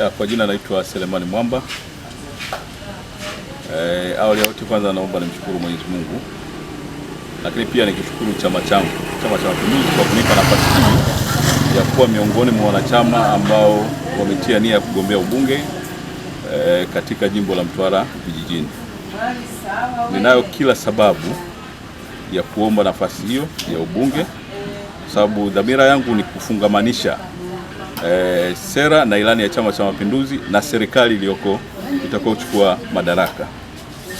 Ya, eh, kwa jina naitwa Selemani Mwamba. E, awali ya yote kwanza naomba nimshukuru Mwenyezi Mungu, lakini pia nikishukuru chama changu, Chama cha Mapinduzi, kwa kunipa nafasi hii ya kuwa miongoni mwa wanachama ambao wametia nia ya kugombea ubunge e, katika jimbo la Mtwara Vijijini. Ninayo kila sababu ya kuomba nafasi hiyo ya ubunge, sababu dhamira yangu ni kufungamanisha eh, sera na ilani ya Chama cha Mapinduzi na serikali iliyoko itakayochukua madaraka.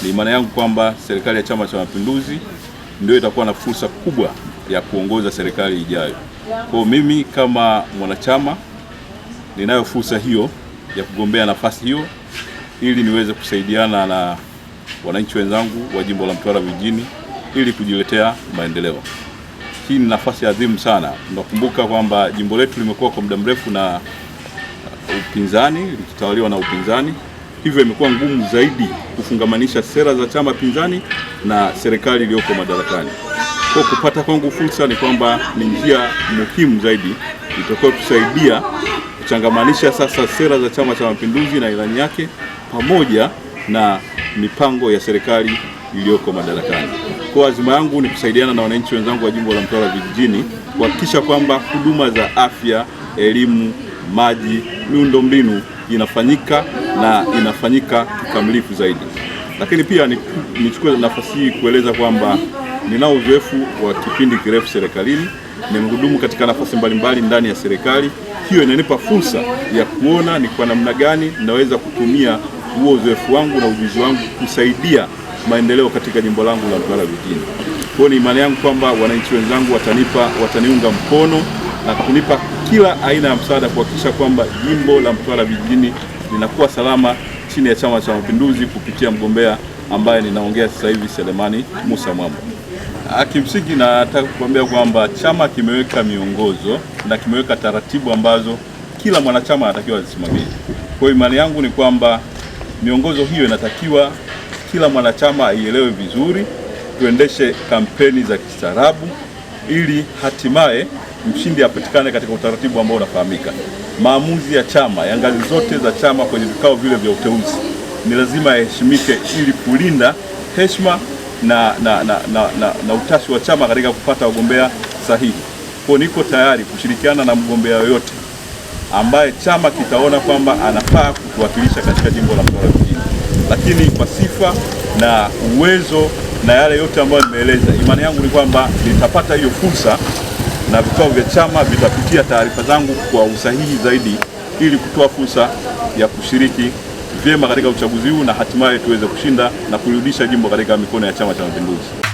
Ni maana yangu kwamba serikali ya Chama cha Mapinduzi ndio itakuwa na fursa kubwa ya kuongoza serikali ijayo. Kwa mimi kama mwanachama ninayo fursa hiyo ya kugombea nafasi hiyo ili niweze kusaidiana na wananchi wenzangu wa jimbo la Mtwara vijini ili kujiletea maendeleo hii ni nafasi adhimu sana. Tunakumbuka kwamba jimbo letu limekuwa kwa muda mrefu na upinzani, likitawaliwa na upinzani, hivyo imekuwa ngumu zaidi kufungamanisha sera za chama pinzani na serikali iliyoko madarakani. Kwa kupata kwangu fursa ni kwamba ni njia muhimu zaidi itakayotusaidia kuchangamanisha sasa sera za Chama cha Mapinduzi na ilani yake pamoja na mipango ya serikali iliyoko madarakani. Kwa azima yangu ni kusaidiana na wananchi wenzangu wa jimbo la Mtwara vijijini kuhakikisha kwamba huduma za afya, elimu, maji, miundombinu inafanyika na inafanyika kikamilifu zaidi. Lakini pia nichukue nafasi hii kueleza kwamba ninao uzoefu wa kipindi kirefu serikalini, nimehudumu katika nafasi mbalimbali ndani ya serikali. Hiyo inanipa fursa ya kuona ni kwa namna gani naweza kutumia huo uzoefu wangu na ujuzi wangu kusaidia maendeleo katika jimbo langu la Mtwara Vijijini. Kwa ni imani yangu kwamba wananchi wenzangu watanipa, wataniunga mkono na kunipa kila aina ya msaada kuhakikisha kwamba jimbo la Mtwara Vijijini linakuwa salama chini ya Chama cha Mapinduzi kupitia mgombea ambaye ninaongea sasa hivi, Selemani Musa Mwamba. Ah, kimsingi nataka kukuambia kwamba chama kimeweka miongozo na kimeweka taratibu ambazo kila mwanachama anatakiwa azisimamie. Kwa hiyo imani yangu ni kwamba miongozo hiyo inatakiwa kila mwanachama aielewe vizuri, tuendeshe kampeni za kistaarabu ili hatimaye mshindi apatikane katika utaratibu ambao unafahamika. Maamuzi ya chama ya ngazi zote za chama kwenye vikao vile vya uteuzi ni lazima yaheshimike ili kulinda heshima na, na, na, na, na, na utashi wa chama katika kupata wagombea sahihi. Kwa niko tayari kushirikiana na mgombea yoyote ambaye chama kitaona kwamba anafaa kutuwakilisha katika jimbo la Mtwara Vijijini lakini kwa sifa na uwezo na yale yote ambayo nimeeleza, imani yangu ni kwamba nitapata hiyo fursa na vikao vya chama vitapitia taarifa zangu kwa usahihi zaidi ili kutoa fursa ya kushiriki vyema katika uchaguzi huu na hatimaye tuweze kushinda na kurudisha jimbo katika mikono ya Chama cha Mapinduzi.